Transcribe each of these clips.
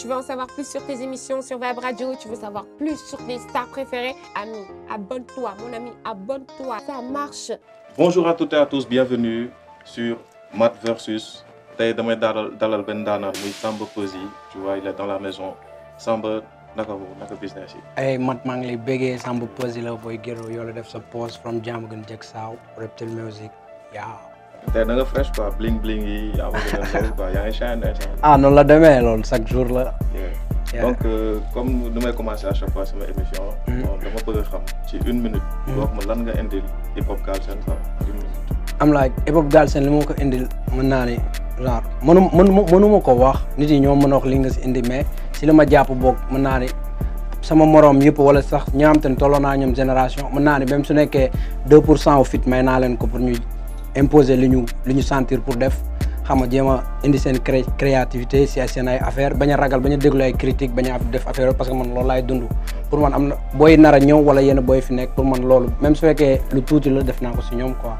Tu veux en savoir plus sur tes émissions sur Vibe Radio Tu veux savoir plus sur tes stars préférées Ami, abonne-toi, mon ami, abonne-toi. Ça marche. Bonjour à toutes et à tous, bienvenue sur Mat versus. tey damay dalal dalal Samba tu vois il est dans la maison Samba n'importe quoi, naka business yi. ay Mat maa Samba lay bëggee Samba Peuzzi la booy gërëm yoo la def sa pause from Reptile Music yeah. tey da nga fresh quoi bling bling yi yaa ngi ah, la demee lool chaque jour la. donc euh, comme nu may commencer à chaque fois sama émission. Mm. dama bëgg a xam ci une minute. boo xam mm. lan nga indil hip hop Galsen quoi une am like hip hop seen li ma ko indil mën naa ne genre mënu mënu mënuma ko wax nit yi ñoo mën a wax nga si indi mais si la ma jàpp book mën naa ne sama moroom yëpp wala sax ñi nga xam te tolloo naa ñoom génération mën naa ne même su nekkee 2 pour cent au fit naa leen ko pour imposer li ñu li sentir pour def xam djema jéem a indi seen créativité ci seen ay affaire baña ragal baña a ay critique baña def affaire parce que man loolu laay dund pour man amna boy nara ñew wala yene boy fi nek pour man loolu même su fekkee lu touti la def naa ko si ñoom quoi.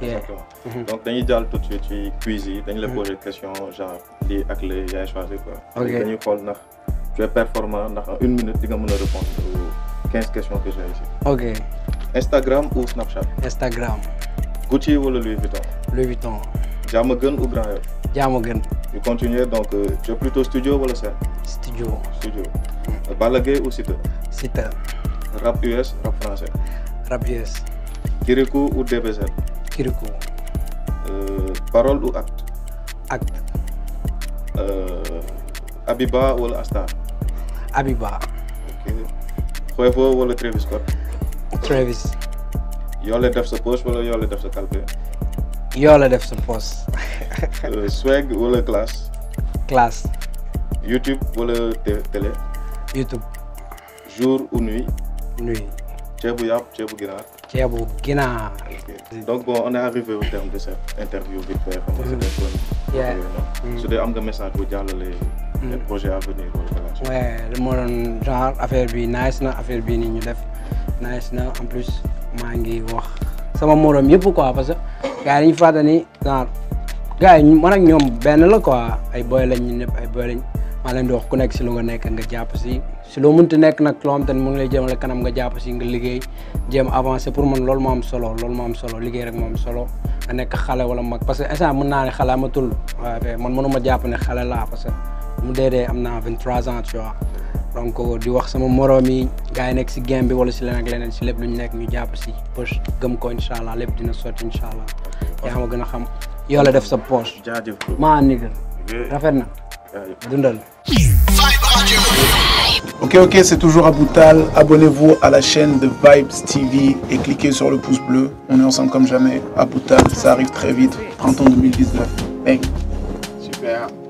exactement mm-hmm. donc dañuy jàll tout de suite ci cuisine, yi dañu la mm-hmm. poser question genre lii ak lii yaay choisir quoi. ok dañuy xool ndax tu es performant ndax en une minute di nga mën a répondre aux quinze questions que j'ai ici. ok Instagram ou Snapchat. Instagram. Gucci ou Louis Vuitton. Louis Vuitton. Jamogun ou Grand Jamogun. Je continue donc euh, tu es plutôt studio le scène. studio. studio. Hmm. Balaguer ou Sita Citer. rap US rap français. rap US. Kirikou ou DBZ. Kirikou. Euh, parole ou acte. acte. Euh, Abiba ou Asta..? Abiba. ok ou le Travis Scott. Travis yoo def sa poste wala yoo def sa calcul. yoo def sa poche. swag wala classe. classe. YouTube wala télé. YouTube. jour ou nuit. nuit. ceebu yàpp ceebu ginaar. ceebu ginaar. donc bon on est arrivé au terme de cette interview vite fait. xam nga c'était fun. su dee am nga message bu jàllale. les mm. projets à venir. waaw li ma doon genre affaire bi nice na affaire bi ni ñu def nice na en plus. maa ngi wax sama morom yëpp quoi parce que gars yi dañu fàttali ni genre gars yi man ak ñoom benn la quoi ay boy lañ ñu ñëpp ay boy lañ maa leen di ku nekk si lu nga nekk nga jàpp si si loo mun mënti nekk nag loo xam te ne mu ngi lay jëmale kanam nga jàpp si nga liggéey jéem avancer pour man loolu moo am solo loolu moo am solo liggéey rek moo am solo nga nekk xale wala mag parce que instant mën naa ne xale amatul waaye man ma jàpp ne xale laa parce que mu dee am naa 23 ans tu vois. donc di wax sama morom yi gaay nek ci si game bi wala ci leneen ak leneen si lépp lu ñu nekk ñu jàpp si poche gëm ko incha lepp dina soti incha allah. yaa ma gën xam yow la def sa poche. jaajëf ma ni rafet dundal. Ok, ok, c'est toujours Aboutal. Abonnez-vous à la chaîne de Vibes TV et cliquez sur le pouce bleu. On est ensemble comme jamais. Aboutal, ça arrive très vite. Printemps 2019. Hey. Super.